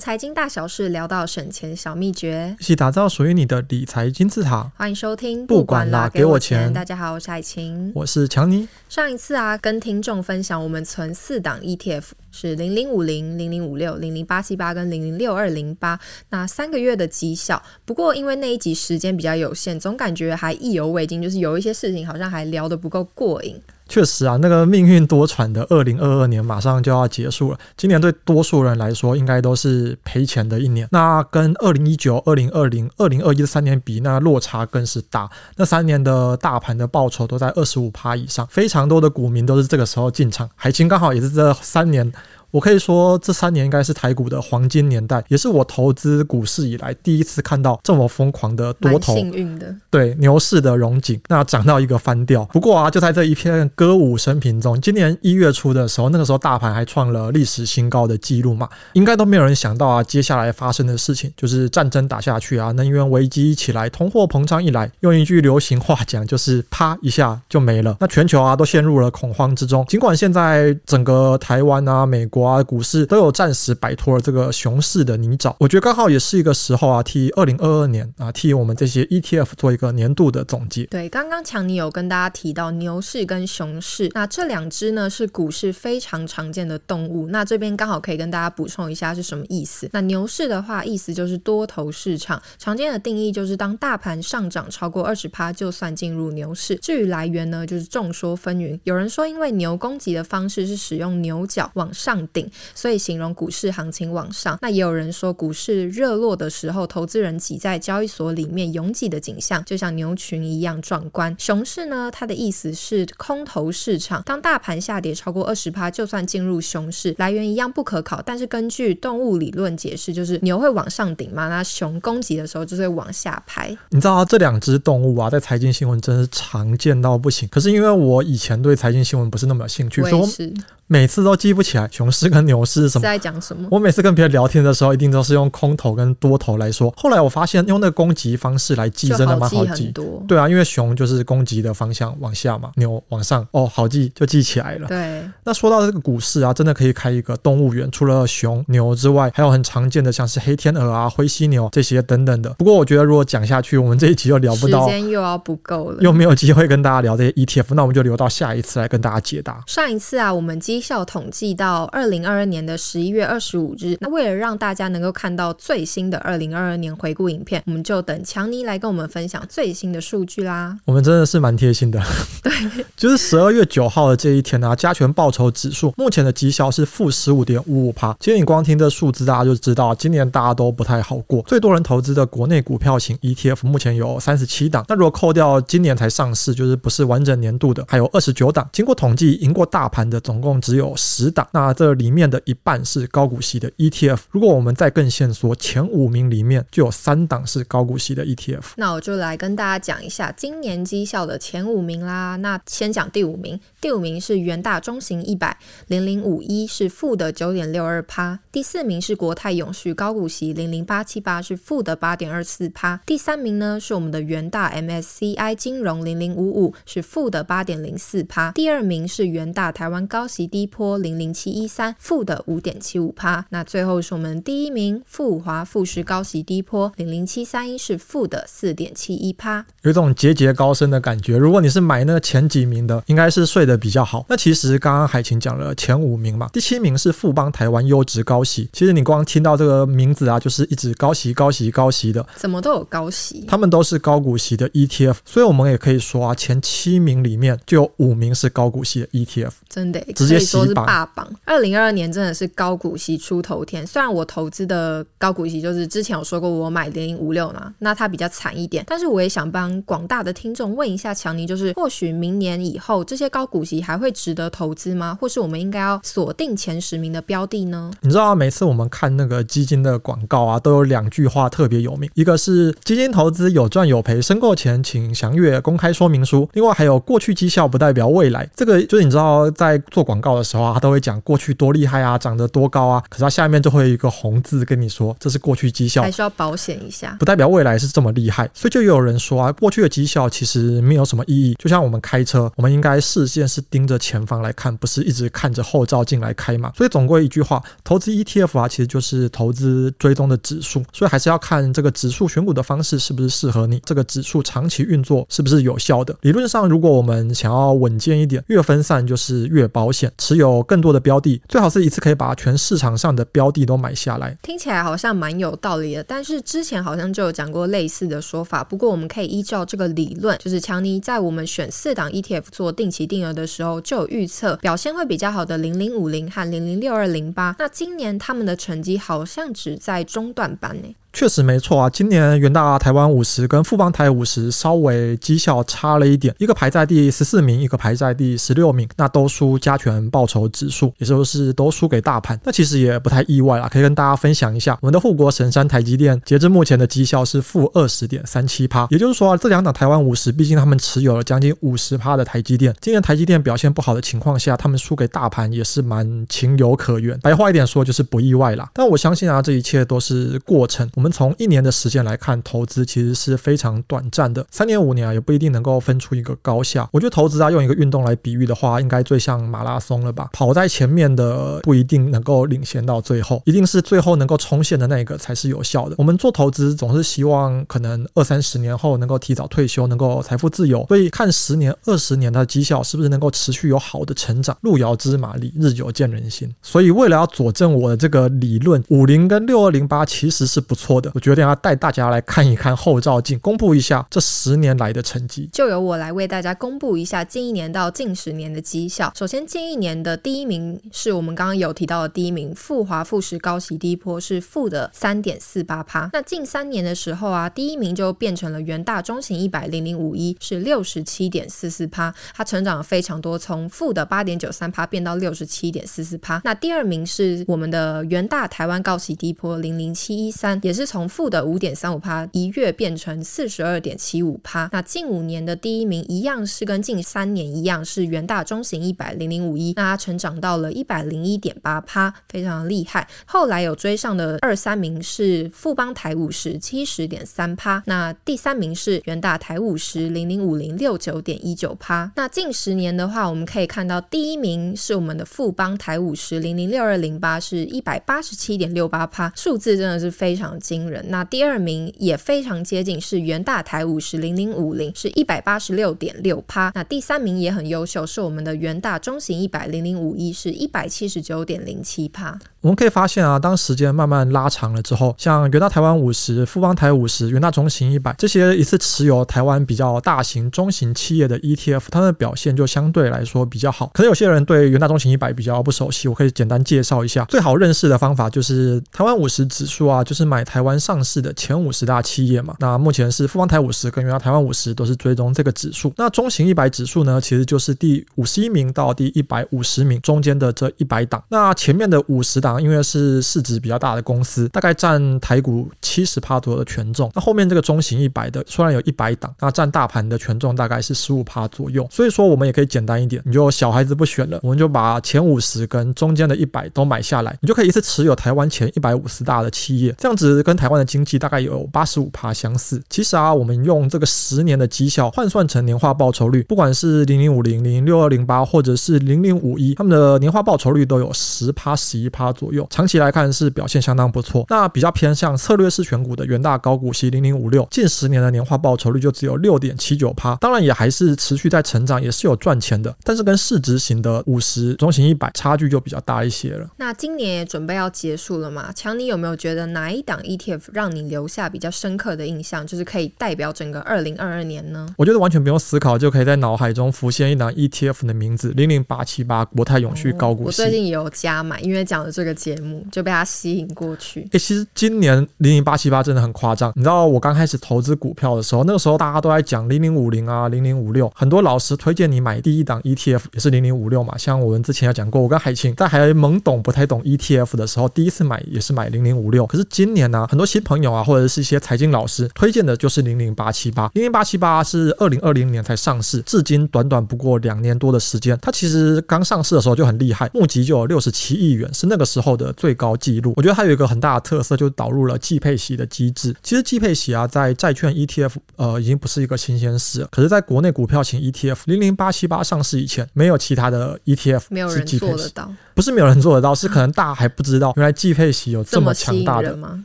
財經大小事，聊到省錢小秘訣，一起打造屬於你的理財金字塔。歡迎收聽，不管，不管啦，給我錢。大家好，我是海晴，我是強尼。上一次啊，跟聽眾分享我們存四檔 ETF。是零零五零、零零五六、零零八七八跟零零六二零八，那三個月的績效。不過因為那一集時間比較有限，總感覺還意猶未盡，就是有一些事情好像還聊得不夠過癮。確實啊，那個命運多舛的二零二二年馬上就要結束了，今年對多數人來說應該都是賠錢的一年。那跟二零一九、二零二零、二零二一這三年比，那落差更是大。那三年的大盤的報酬都在二十五趴以上，非常多的股民都是這個時候進場。海晴剛好也是這三年，我可以說，這三年應該是台股的黃金年代，也是我投資股市以來第一次看到這麼瘋狂的多頭，幸運的，對，牛市的榮景，那漲到一個翻掉。不過啊，就在這一片歌舞升平中，今年一月初的時候，那個時候大盤還創了歷史新高的記錄嘛，應該都沒有人想到啊，接下來發生的事情就是戰爭打下去啊，能源危機一起來，通貨膨脹一來，用一句流行話講，就是啪一下就沒了。那全球啊，都陷入了恐慌之中。盡管現在整個台灣啊，美國。啊，股市都有暫時擺脫了這個熊市的泥沼，我覺得剛好也是一個時候啊，替二零二二年啊，替我們這些 ETF 做一個年度的總結。對，剛剛強尼有跟大家提到牛市跟熊市，那這兩隻呢是股市非常常見的動物。那這邊剛好可以跟大家補充一下是什麼意思。那牛市的話，意思就是多頭市場，常見的定義就是當大盤上漲超過二十趴，就算進入牛市。至於來源呢，就是眾說紛紜。有人說因為牛攻擊的方式是使用牛角往上。頂，所以形容股市行情往上。那也有人說，股市熱絡的時候，投資人擠在交易所裡面，擁擠的景象就像牛群一樣壯觀。熊市呢，它的意思是空頭市場。當大盤下跌超過二十趴，就算進入熊市。來源一樣不可靠，但是根據動物理論解釋，就是牛會往上頂嘛，那熊攻擊的時候就是往下拍。你知道、啊、這兩隻動物啊，在財經新聞真是常見到不行。可是因為我以前對財經新聞不是那麼有興趣，是每次都記不起來熊市跟牛市是什麼？是在講什麼？我每次跟別人聊天的時候，一定都是用空頭跟多頭來說。後來我發現用那個攻擊方式來記，真的蠻好記。好記。對啊，因為熊就是攻擊的方向往下嘛，牛往上哦，好記就記起來了。對。那說到這個股市啊，真的可以開一個動物園。除了熊、牛之外，還有很常見的像是黑天鵝啊、灰犀牛這些等等的。不過我覺得如果講下去，我們這一集又聊不到，時間又要不夠了，又沒有機會跟大家聊這些 ETF，那我們就留到下一次來跟大家解答。上一次啊，我們今績效統計到二零二二年的十一月二十五日。那為了讓大家能夠看到最新的二零二二年回顧影片，我們就等強尼來跟我們分享最新的數據啦。我們真的是蠻貼心的，對，就是十二月九號的這一天啊，加權報酬指數目前的績效是負十五點五五趴。其實你光聽這數字，大家就知道今年大家都不太好過。最多人投資的國內股票型 ETF 目前有三十七檔，那如果扣掉今年才上市，就是不是完整年度的，還有二十九檔。經過統計，贏過大盤的總共只有十檔，那這裡面的一半是高股息的 ETF。如果我們再更限縮，前五名裡面就有三檔是高股息的 ETF。那我就來跟大家講一下今年績效的前五名啦。那先講第五名，第五名是元大中型一百零零五一是負的九點六二趴。第四名是國泰永續高股息零零八七八是負的八點二四趴。第三名呢是我們的元大 MSCI 金融零零五五是負的八點零四趴。第二名是元大台灣高息低低波零零七一三負的五點七五趴。那最後是我們第一名復華富時高息低波零零七三一是負的四點七一趴，有一種節節高升的感覺。如果你是買那個前幾名的，應該是睡得比較好。那其實剛剛海晴講了前五名嘛，第七名是富邦台灣優質高息，其實你光聽到這個名字啊，就是一直高息高息高息的，怎麼都有高息，他們都是高股息的 ETF，所以我們也可以說啊，前七名裡面就有五名是高股息的 ETF，真的直接。可以說是霸榜，二零二二年真的是高股息出頭天。雖然我投資的高股息就是之前有說過我買零零五六嘛，那它比較慘一點，但是我也想幫廣大的聽眾問一下，強尼，就是或許明年以後這些高股息還會值得投資嗎？或是我們應該要鎖定前十名的標的呢？你知道啊，每次我們看那個基金的廣告啊，都有兩句話特別有名，一個是基金投資有賺有賠，申購前請詳閱公開說明書，另外還有過去績效不代表未來。這個就是你知道在做廣告。的時候啊，他都會講過去多厲害啊，漲得多高啊。可是他下面就會有一個紅字跟你說，這是過去績效，還是要保險一下，不代表未來是這麼厲害。所以就有人說啊，過去的績效其實沒有什麼意義。就像我們開車，我們應該視線是盯着前方來看，不是一直看着後照進鏡來開嘛。所以總歸一句話，投資 ETF 啊，其實就是投資追蹤的指數。所以還是要看這個指數選股的方式是不是適合你，這個指數長期運作是不是有效的。理論上，如果我們想要穩健一點，越分散就是越保險。持有更多的標的，最好是一次可以把全市場上的標的都買下來。聽起來好像蠻有道理的，但是之前好像就有講過類似的說法。不過我們可以依照這個理論，就是強尼在我們選四檔 ETF 做定期定額的時候，就有預測表現會比較好的零零五零和零零六二零八。那今年他們的成績好像只在中段班呢、欸。確實沒錯啊，今年元大台灣五十跟富邦台五十稍微績效差了一點，一個排在第十四名，一個排在第十六名，那都輸加權報酬指數，也就是說是都輸給大盤。那其實也不太意外啦，可以跟大家分享一下，我們的護國神山台積電截至目前的績效是負二十點三七趴，也就是說啊，這兩檔台灣五十，畢竟他們持有了將近五十趴的台積電，今年台積電表現不好的情況下，他們輸給大盤也是蠻情有可原。白話一點說就是不意外啦，但我相信啊，這一切都是過程。我們從一年的時間來看，投資其實是非常短暫的。三年五年啊，也不一定能夠分出一個高下。我覺得投資啊，用一個運動來比喻的話，應該最像馬拉松了吧？跑在前面的不一定能夠領先到最後，一定是最後能夠衝線的那個才是有效的。我們做投資總是希望可能二三十年後能夠提早退休，能夠財富自由。所以看十年、二十年的績效是不是能夠持續有好的成長。路遙知馬力，日久見人心。所以為了要佐證我的這個理論，五零跟六二零八其實是不錯。我決定要帶大家來看一看後照鏡，公布一下這十年來的成績。就由我來為大家公布一下近一年到近十年的績效。首先，近一年的第一名是我們剛剛有提到的第一名，復華富時高息低波是負的三點四八趴。那近三年的時候啊，第一名就變成了元大中型一百零零五一是六十七點四四趴。它成長了非常多，從負的八點九三趴變到六十七點四四趴。那第二名是我們的元大台灣高息低波零零七一三，也是。是從負的五點三五趴一躍變成四十二點七五趴。那近五年的第一名一樣是跟近三年一樣是元大中型一百零零五一，那他成長到了一百零一點八趴，非常的厲害。後來有追上的二三名是富邦台五十七十點三趴，那第三名是元大台五十零零五零六九點一九趴。那近十年的話，我們可以看到第一名是我們的富邦台五十零零六二零八，是一百八十七點六八趴，數字真的是非常。驚人，那第二名也非常接近，是元大台五十零零五零，是一百八十六點六趴。那第三名也很優秀，是我們的元大中型一百零零五一，是一百七十九點零七趴。我們可以發現啊，當時間慢慢拉長了之後，像元大台灣五十、富邦台五十、元大中型一百這些一次持有台灣比較大型、中型企業的 ETF，它們的表現就相對來說比較好。可能有些人對元大中型一百比較不熟悉，我可以簡單介紹一下。最好認識的方法就是台灣五十指數啊，就是買台灣上市的前五十大企業嘛。那目前是富邦台五十跟元大台灣五十都是追蹤這個指數。那中型一百指數呢，其實就是第五十一名到第一百五十名中間的這一百檔。那前面的五十檔，因為是市值比較大的公司，大概佔台股七十趴左右的權重。那後面這個中型一百的，雖然有一百檔，那佔大盤的權重大概是十五趴左右。所以說，我們也可以簡單一點，你就小孩子不選了，我們就把前五十跟中間的一百都買下來，你就可以一次持有台灣前一百五十大的企業，這樣子跟台灣的經濟大概有八十五趴相似。其實啊，我們用這個十年的績效換算成年化報酬率，不管是零零五零、零六二零八或者是零零五一，他們的年化報酬率都有十趴、十一趴左右左右，長期來看是表現相當不錯。那比較偏向策略式選股的元大高股息零零五六，近十年的年化報酬率就只有六點七九趴，當然也還是持續在成長，也是有賺錢的。但是跟市值型的五十、中型一百差距就比較大一些了。那今年也準備要結束了嘛？強尼你有沒有覺得哪一檔 ETF 讓你留下比較深刻的印象，就是可以代表整個二零二二年呢？我覺得完全不用思考就可以在腦海中浮現一檔 ETF 的名字零零八七八國泰永續高股息。哦，我最近也有加買，因為講的這個。節目就被他吸引過去、欸。哎，其實今年零零八七八真的很誇張。你知道我剛開始投資股票的時候，那個時候大家都在講零零五零啊、零零五六，很多老師推薦你買第一檔 ETF 也是零零五六嘛。像我們之前有講過，我跟海晴在還懵懂、不太懂 ETF 的時候，第一次買也是買零零五六。可是今年呢、啊，很多新朋友啊，或者是一些財經老師推薦的就是零零八七八。零零八七八是二零二零年才上市，至今短短不過兩年多的時間，它其實剛上市的時候就很厲害，募集就有六十七億元，是那個時候後的最高記錄，我覺得它有一個很大的特色，就是導入了季配息的機制。其實季配息啊，在債券 ETF 呃已經不是一個新鮮事了，可是在國內股票型 ETF 零零八七八上市以前，沒有其他的 ETF 沒有人是季配息做得到，不是沒有人做得到，是可能大家還不知道原來季配息有這麼強大的，嗎？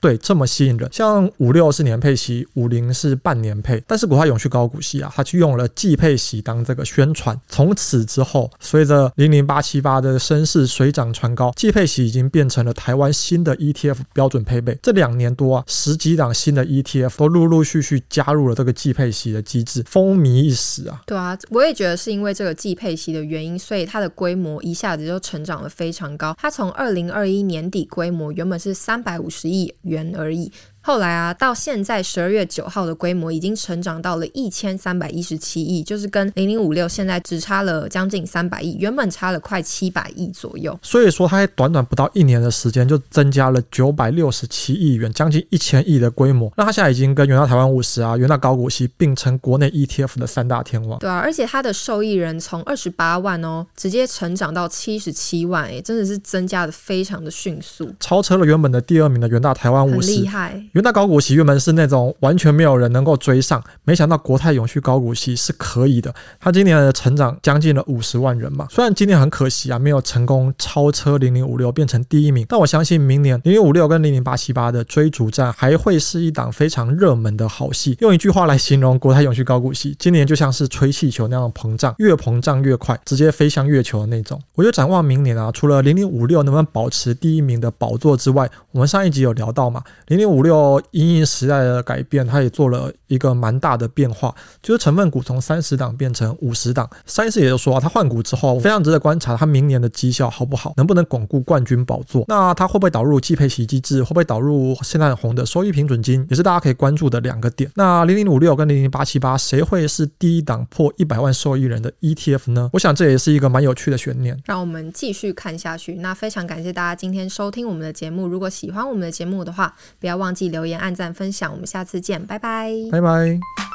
對，這麼吸引人。像五六是年配息，五零是半年配，但是國泰永續高股息啊，他去用了季配息當這個宣傳。從此之後，隨着零零八七八的聲勢水漲船高，季配息已經。變成了台灣新的 ETF 標準配備，這兩年多啊，十幾檔新的 ETF 都陸陸續續加入了這個季配息的機制，風靡一時啊。對啊，我也覺得是因為這個季配息的原因，所以它的規模一下子就成長了非常高。它從二零二一年底規模原本是三百五十億元而已。後來啊，到現在十二月九號的規模已經成長到了一千三百一十七億，就是跟零零五六現在只差了將近三百億，原本差了快七百億左右。所以說，它在短短不到一年的時間就增加了九百六十七億元，將近一千億的規模。那它現在已經跟元大台灣五十啊，元大高股息並稱國內 ETF 的三大天王。對啊，而且它的受益人從二十八萬哦，直接成長到七十七萬，哎，真的是增加的非常的迅速，超車了原本的第二名的原大台灣五十，很厲害。元大高股息原本是那種完全沒有人能夠追上，沒想到國泰永續高股息是可以的。他今年的成長將近了五十萬人嘛，雖然今年很可惜啊，沒有成功超車零零五六變成第一名，但我相信明年零零五六跟零零八七八的追逐戰還會是一檔非常熱門的好戲。用一句話來形容國泰永續高股息，今年就像是吹氣球那樣的膨脹，越膨脹越快，直接飛向月球的那種。我就展望明年啊，除了零零五六能不能保持第一名的寶座之外，我們上一集有聊到嘛，零零五六。因應時代的改變，它也做了一個蠻大的變化，就是成分股從三十檔變成五十檔。三十也就說啊，他換股之後非常值得觀察，他明年的績效好不好，能不能鞏固冠軍寶座？那他會不會導入季配息機制？會不會導入現在很紅的收益平準金？也是大家可以關注的兩個點。那零零五六跟零零八七八，誰會是第一檔破一百萬受益人的 ETF 呢？我想這也是一個蠻有趣的懸念。讓我們繼續看下去。那非常感謝大家今天收聽我們的節目。如果喜歡我們的節目的話，不要忘記。留言、按讚、分享，我們下次見，拜拜，拜拜。